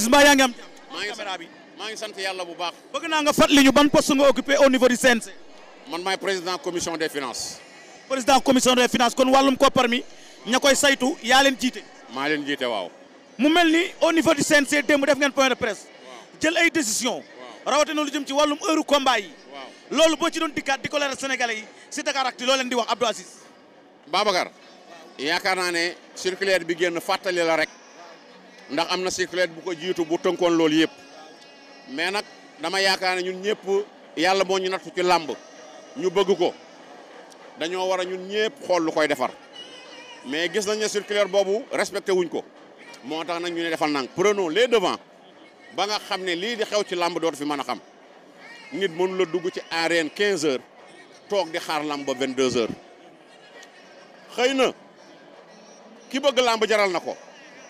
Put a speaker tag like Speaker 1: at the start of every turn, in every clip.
Speaker 1: Aziz Mbaye yaa ngi am.
Speaker 2: maa ngi caméra bi maa ngi sant yàlla bu o
Speaker 1: bëgg naa nga fàttali ñu ban poste nga occupé au niveau du CNC. man maay président commission des finances. président commission des finances kon wàllum koppar mi ña koy saytu yaa leen jiite. maa leen jiite de mu mel ni au niveau du CNC démb def ngeen point de presse. jël ay décision rawatina lu jëm ci wàllum heure combat yi. loolu boo ci doon dikkaat di ko leeral Sénégalais yi si Dakaractu loo leen di wax Abdou Aziz. Babacar
Speaker 2: yaakaar naa ne circulaire bi génn fàttali la ndax amna na cyclette bu ko jiitu bu tënkoon loolu yëpp mais nag dama yaakaar ne ñun ñëpp yàlla moo ñu nattu ci làmb ñu bëgg ko dañoo war a ñun ñëpp xool lu koy defar mais gis nañ ne circulaire respecté wuñ ko moo tax ñu ne defal nang prenons les devants ba nga xam ne di xew ci làmb dootu fi mën a xam nit mënu la dugg ci arène 15 heures toog di xaar làmb ba 22 heures xëy na ki bëgg làmb jaral na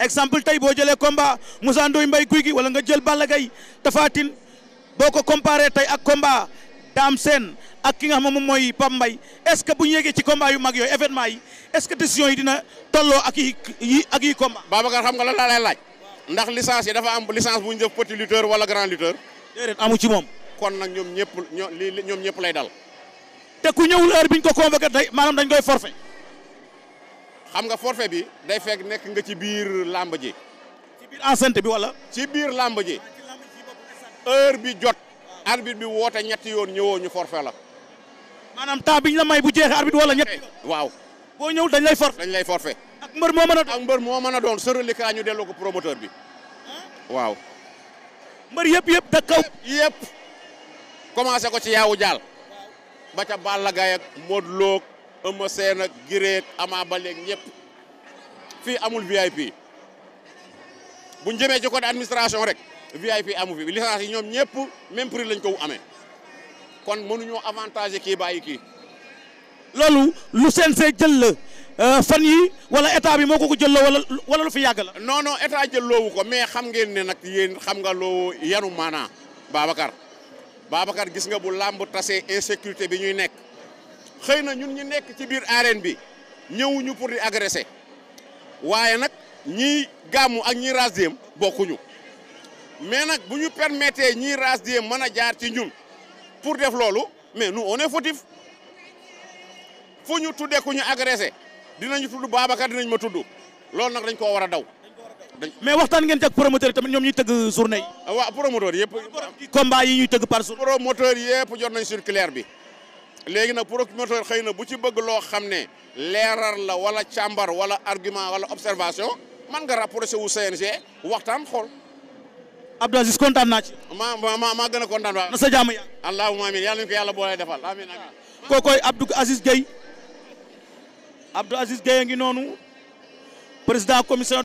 Speaker 1: exemple tay bo jele combat Moussa Ndoye Mbaye Gouye wala nga jël Balla Gaye Tapha Tine boo ko ak combat dam sen ak ki nga xam mom moy pam Mbaye est-ce que bu ñu ci combat yu mag yoy événement yi est-ce que décision yi dina tolloo ak yi ak yi
Speaker 2: combat. Babacar xam nga la lay laaj. ndax licence yi dafa am licence bu ñu def petit lutteur wala grand lutteur. dedet amu ci mom kon nak ñom ñepp ñom ñepp lay dal. te ku ñewul heure biñ ko convoquer tay manam dañ koy forfait xam nga forfait bi day fekk nek nga ci biir lamb ji. ci biir enceinte bi wala. ci biir lamb ji heure bi jot. arbitre bi wote ñetti yoon ñëwoo ñu forfait la. manam ta biñ la may bu jeex arbitre wala ñetti. waaw bo ñew dañ lay forfait. dañ lay forfait. ak mbeur mo meuna ak mbeur mo meuna doon ñu delo ko promoteur bi waaw. mbeur yep yep da kaw. yep commencé ko ci yaawu jaal ba ca Balla ak modlok Eumeu Sène ak Girek Ama Baldé ñëpp fii amul VIP bu ñu jëmee ci côté administration rek VIP amu fi licence yi ñoom ñëpp
Speaker 1: même prix lañ ko amee
Speaker 2: kon mënuñoo avantage kii bàyyi kii.
Speaker 1: loolu lu CNG jël la euh, fan yi wala état bi moo ko ko jël la wala
Speaker 2: lu fi yàgg la. non non jël loowu ko mais xam ngeen ne nag yéen xam nga loo yanu maanaa Babacar Babacar gis nga bu làmb tasee insécurité bi ñuy nekk. xëy na ñun ñu nekk ci biir arène bi ñëwuñu pour di agresser waaye nag ñi gàmmu ak ñiy raas diem bokkuñu mais nag bu ñu permettre ñiy raas diem mën a jaar ci ñun pour def loolu mais nu on est fautif fu ñu tuddee ku ñu agressé dinañu tudd Babacar dinañ ma tudd loolu nag dañ koo war a daw. mais waxtaan ngeen ak promoteur tamit ñoom ñuy tëgg journée yi. Ah, waaw promoteur yëpp. combat yi ñuy tëgg par jour. promoteur yëpp bi. léegi nag procureur xëy na bu ci bëgg loo xam ne leeral la wala càmbar wala argument wala observation man nga rapproché wu CNG waxtaan xool.
Speaker 1: Abdou Aziz kontaan naa
Speaker 2: ma maa maa maa na sa jàmm yaa. allahumma amiin yàlla nañu ko yàlla boole defal amiin amiin.
Speaker 1: kookoy Abdou Aziz Gueye Abdou Aziz Gueye a ngi noonu président commission.